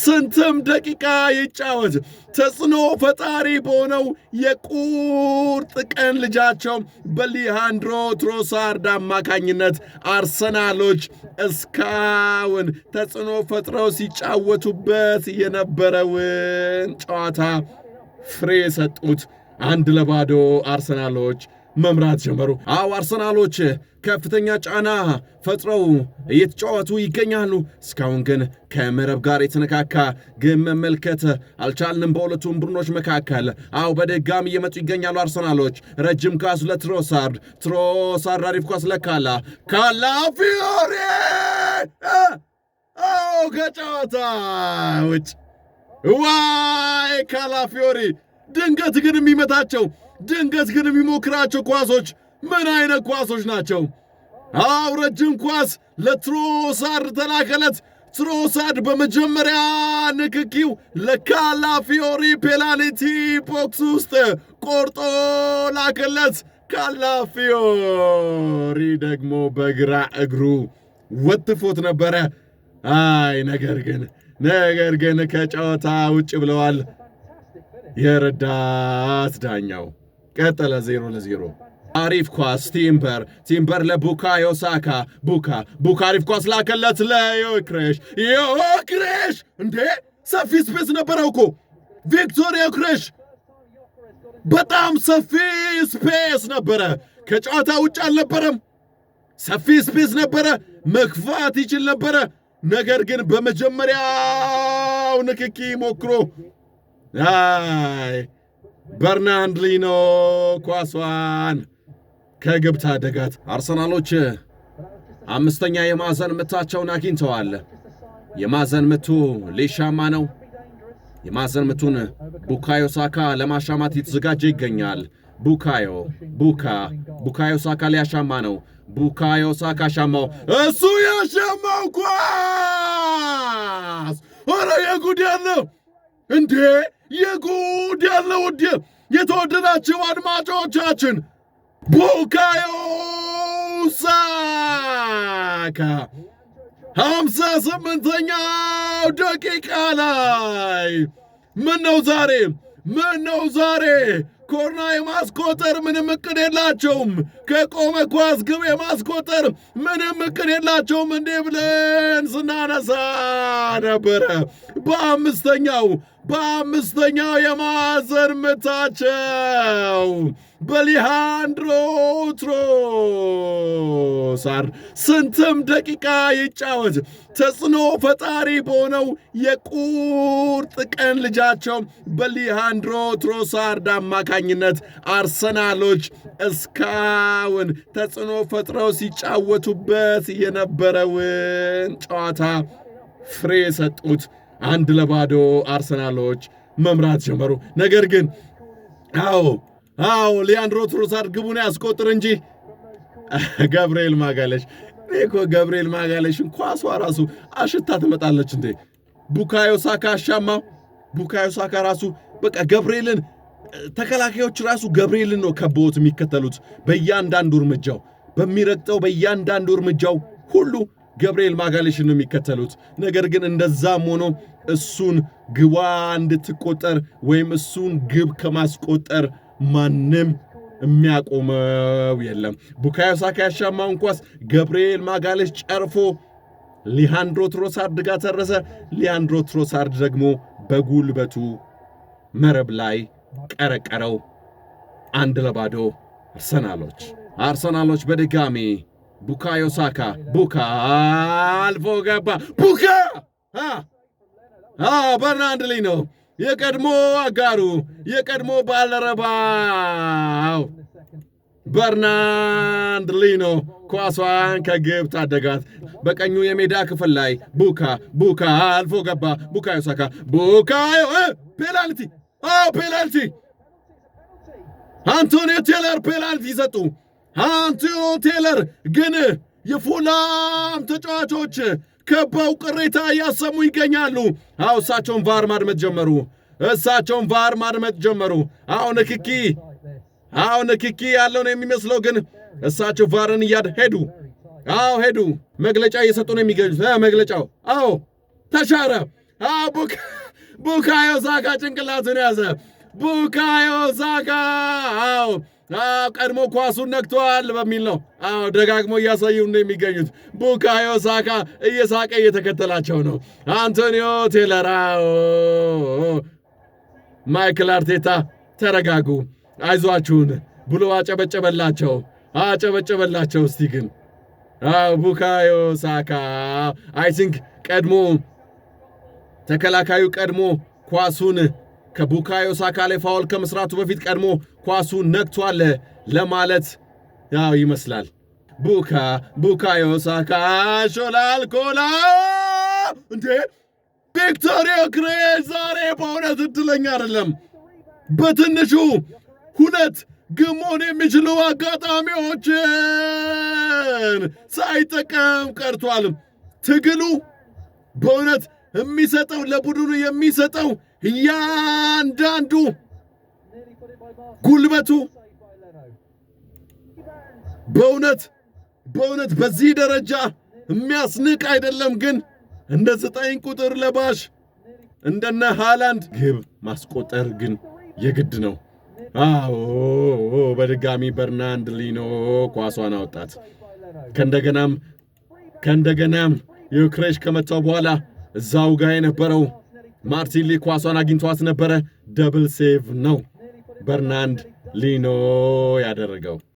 ስንትም ደቂቃ ይጫወት። ተጽዕኖ ፈጣሪ በሆነው የቁርጥ ቀን ልጃቸው በሊሃንድሮ ትሮሳርድ አማካኝነት አርሰናሎች እስካሁን ተጽዕኖ ፈጥረው ሲጫወቱበት የነበረውን ጨዋታ ፍሬ የሰጡት አንድ ለባዶ አርሰናሎች መምራት ጀመሩ። አዎ አርሰናሎች ከፍተኛ ጫና ፈጥረው እየተጫወቱ ይገኛሉ። እስካሁን ግን ከምዕራብ ጋር የተነካካ ግን መመልከት አልቻልንም። በሁለቱም ቡድኖች መካከል አዎ በድጋሚ እየመጡ ይገኛሉ። አርሰናሎች ረጅም ኳስ ለትሮሳርድ፣ ትሮሳርድ አሪፍ ኳስ ለካላ ካላ ፊዮሪ ከጨዋታ ውጭ ዋይ ካላፊዮሪ ድንገት ግን የሚመታቸው ድንገት ግን የሚሞክራቸው ኳሶች ምን አይነት ኳሶች ናቸው? አው ረጅም ኳስ ለትሮሳድ ተላከለት። ትሮሳድ በመጀመሪያ ንክኪው ለካላፊዮሪ ፔናልቲ ቦክስ ውስጥ ቆርጦ ላከለት። ካላፊዮሪ ደግሞ በግራ እግሩ ወትፎት ነበረ። አይ ነገር ግን ነገር ግን ከጨዋታ ውጭ ብለዋል የረዳት ዳኛው። ቀጠለ 0 ለ0 አሪፍ ኳስ ቲምበር ቲምበር ለቡካ ዮሳካ ቡካ ቡካ አሪፍ ኳስ ላከለት ለዮክሬሽ ዮክሬሽ እንዴ ሰፊ ስፔስ ነበረው እኮ ቪክቶር ዮክሬሽ በጣም ሰፊ ስፔስ ነበረ ከጨዋታ ውጭ አልነበረም ሰፊ ስፔስ ነበረ መክፋት ይችል ነበረ ነገር ግን በመጀመሪያው ንክኪ ሞክሮ አይ በርናንድ ሊኖ ኳሷን ከግብ ታደጋት። አርሰናሎች አምስተኛ የማዕዘን ምታቸውን አግኝተዋል። የማዕዘን ምቱ ሊሻማ ነው። የማዕዘን ምቱን ቡካዮ ሳካ ለማሻማት የተዘጋጀ ይገኛል። ቡካዮ ቡካ ቡካዮ ሳካ ሊያሻማ ነው። ቡካዮ ሳካ ሻማው፣ እሱ ያሻማው ኳስ! ኧረ የጉዳት ነው! እንዴ የጉድ ያለ ውድ የተወደዳችሁ አድማጮቻችን ቡካዮ ሳካ ሀምሳ ስምንተኛው ደቂቃ ላይ ምን ነው ዛሬ ምን ነው ዛሬ ኮርና የማስቆጠር ምንም እቅድ የላቸውም። ከቆመ ኳስ ግብ የማስቆጠር ምንም እቅድ የላቸውም። እንዲህ ብለን ስናነሳ ነበረ በአምስተኛው በአምስተኛው የማዕዘን ምታቸው በሊሃንድሮ ትሮሳር ስንትም ደቂቃ ይጫወት ተጽዕኖ ፈጣሪ በሆነው የቁርጥ ቀን ልጃቸው በሊሃንድሮ ትሮሳርድ አማካኝነት አርሰናሎች እስካሁን ተጽዕኖ ፈጥረው ሲጫወቱበት የነበረውን ጨዋታ ፍሬ የሰጡት አንድ ለባዶ አርሰናሎች መምራት ጀመሩ። ነገር ግን አዎ አዎ ሊያንድሮ ትሮሳርድ ግቡን ያስቆጥር እንጂ ገብርኤል ማጋለሽ እኮ ገብርኤል ማጋለሽን ኳሷ ራሱ አሽታ ትመጣለች እንዴ! ቡካዮ ሳካ አሻማ ቡካዮ ሳካ ራሱ በቃ ገብርኤልን ተከላካዮች ራሱ ገብርኤልን ነው ከቦት የሚከተሉት በእያንዳንዱ እርምጃው በሚረግጠው በእያንዳንዱ እርምጃው ሁሉ ገብርኤል ማጋሌሽን ነው የሚከተሉት። ነገር ግን እንደዛም ሆኖ እሱን ግባ እንድትቆጠር ወይም እሱን ግብ ከማስቆጠር ማንም የሚያቆመው የለም። ቡካዮ ሳካ ያሻማውን ኳስ ገብርኤል ማጋሌሽ ጨርፎ ሊሃንድሮ ትሮሳርድ ጋር ተረሰ። ሊሃንድሮ ትሮሳርድ ደግሞ በጉልበቱ መረብ ላይ ቀረቀረው። አንድ ለባዶ አርሰናሎች አርሰናሎች በድጋሜ ቡካዮ ሳካ ቡካ አልፎ ገባ። ቡካ በርናንድ ሊ ነው የቀድሞ አጋሩ የቀድሞ ባልደረባው በርናንድ ሊ ነው ኳሷን ከግብ ታደጋት። በቀኙ የሜዳ ክፍል ላይ ቡካ ቡካ አልፎ ገባ። ቡካዮ ሳካ ቡካዮ ፔናልቲ ፔናልቲ አንቶኒዮ ቴለር ፔናልቲ ይሰጡ አንትዮ ቴለር ግን የፉላም ተጫዋቾች ከባው ቅሬታ እያሰሙ ይገኛሉ። አዎ እሳቸውን ቫር ማድመጥ ጀመሩ። እሳቸውን ቫር ማድመጥ ጀመሩ። አዎ ንክኪ፣ አዎ ንክኪ ያለው ነው የሚመስለው፣ ግን እሳቸው ቫርን እያድ ሄዱ። አዎ ሄዱ። መግለጫ እየሰጡ ነው የሚገኙት። መግለጫው አዎ ተሻረ። አዎ ቡካዮ ሳካ ጭንቅላቱን ያዘ። ቡካዮ ሳካ አዎ ቀድሞ ኳሱን ነክቷል በሚል ነው ደጋግሞ እያሳዩ ነው የሚገኙት። ቡካዮ ሳካ እየሳቀ እየተከተላቸው ነው። አንቶኒዮ ቴለራ፣ ማይክል አርቴታ ተረጋጉ፣ አይዟችሁን ብሎ አጨበጨበላቸው አጨበጨበላቸው። እስቲ ግን ቡካዮ ሳካ አይ ቲንክ ቀድሞ ተከላካዩ ቀድሞ ኳሱን ከቡካዮ ሳካ ላይ ፋውል ከመስራቱ በፊት ቀድሞ ኳሱ ነክቷል ለማለት ያው ይመስላል። ቡካ ቡካዮ ሳካ ሾላል ኮላ እንዴ! ቪክቶሪ ዮኬሬሽ ዛሬ በእውነት እድለኛ አይደለም። በትንሹ ሁለት ግሞን የሚችሉ አጋጣሚዎችን ሳይጠቀም ቀርቷል። ትግሉ በእውነት የሚሰጠው ለቡድኑ የሚሰጠው እያንዳንዱ ጉልበቱ በእውነት በእውነት በዚህ ደረጃ የሚያስንቅ አይደለም። ግን እንደ ዘጠኝ ቁጥር ለባሽ እንደነ ሃላንድ ግብ ማስቆጠር ግን የግድ ነው። አዎ በድጋሚ በርናንድ ሊኖ ኳሷን አወጣት። ከእንደገናም ከእንደገናም የክሬሽ ከመታው በኋላ እዛው ጋር የነበረው ማርቲን ሊ ኳሷን አግኝቷት ነበረ። ደብል ሴቭ ነው። በርናንድ ሊኖ ያደረገው